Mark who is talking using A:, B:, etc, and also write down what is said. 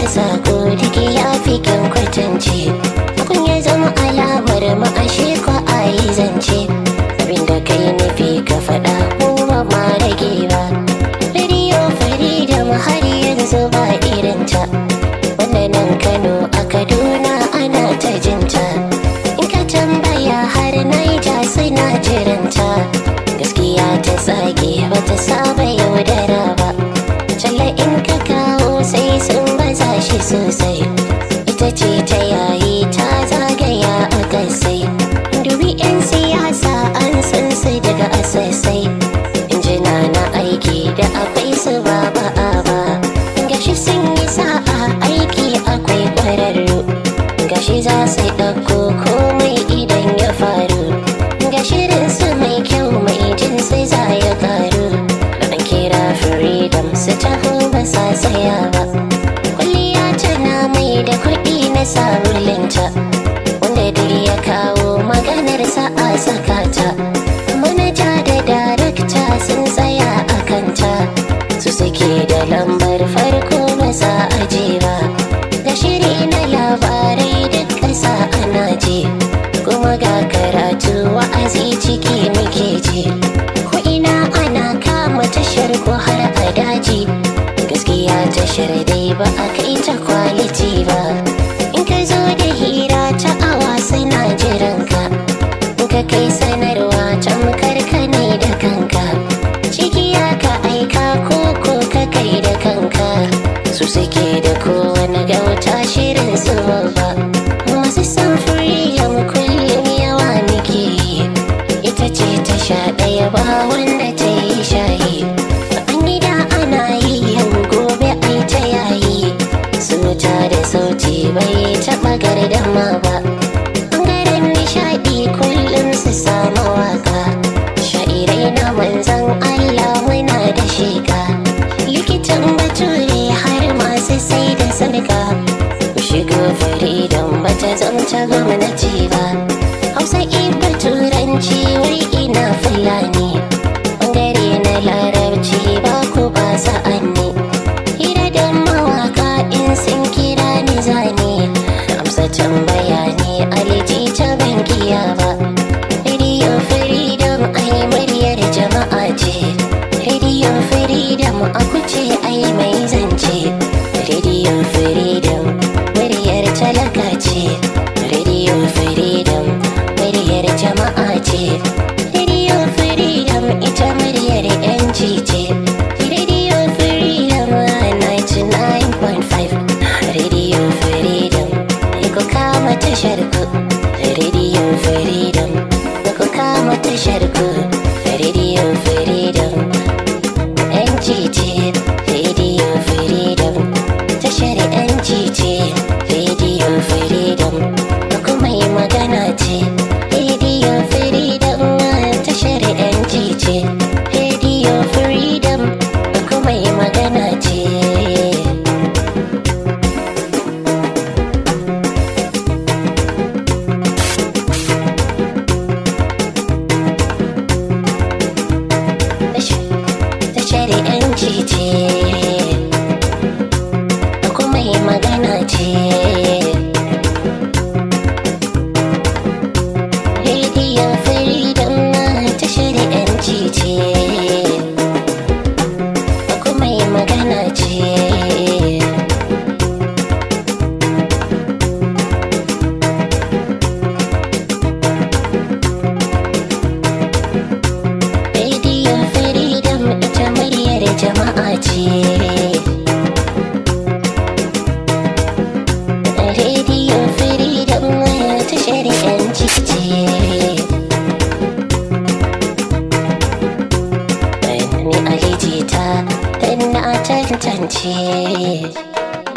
A: kan sako dake ya fi kyan kwatance kun ya zama alamar ma'ashe ko a yi zance ¡Sí! da kuɗi na samu linta wanda dai ya kawo maganar sa'a sakata manaja da darakta sun tsaya a kanta su suke da lambar farko maza ajiye tashar dai ba a kai ta kwaliti ba in ka zo da hira ta awa suna jiranka in ka kai sanarwa tamkar ka ne bai taɓa gardama ba Garin nishaɗi kullum su samu waka Sha'irai na manzan Allah muna da shiga Likitan bature har masu sai da sarka Shiga faridan bata zamta gwamnati ba Hausa ifa e turanci wai ina fulani wish I'd have could. tantance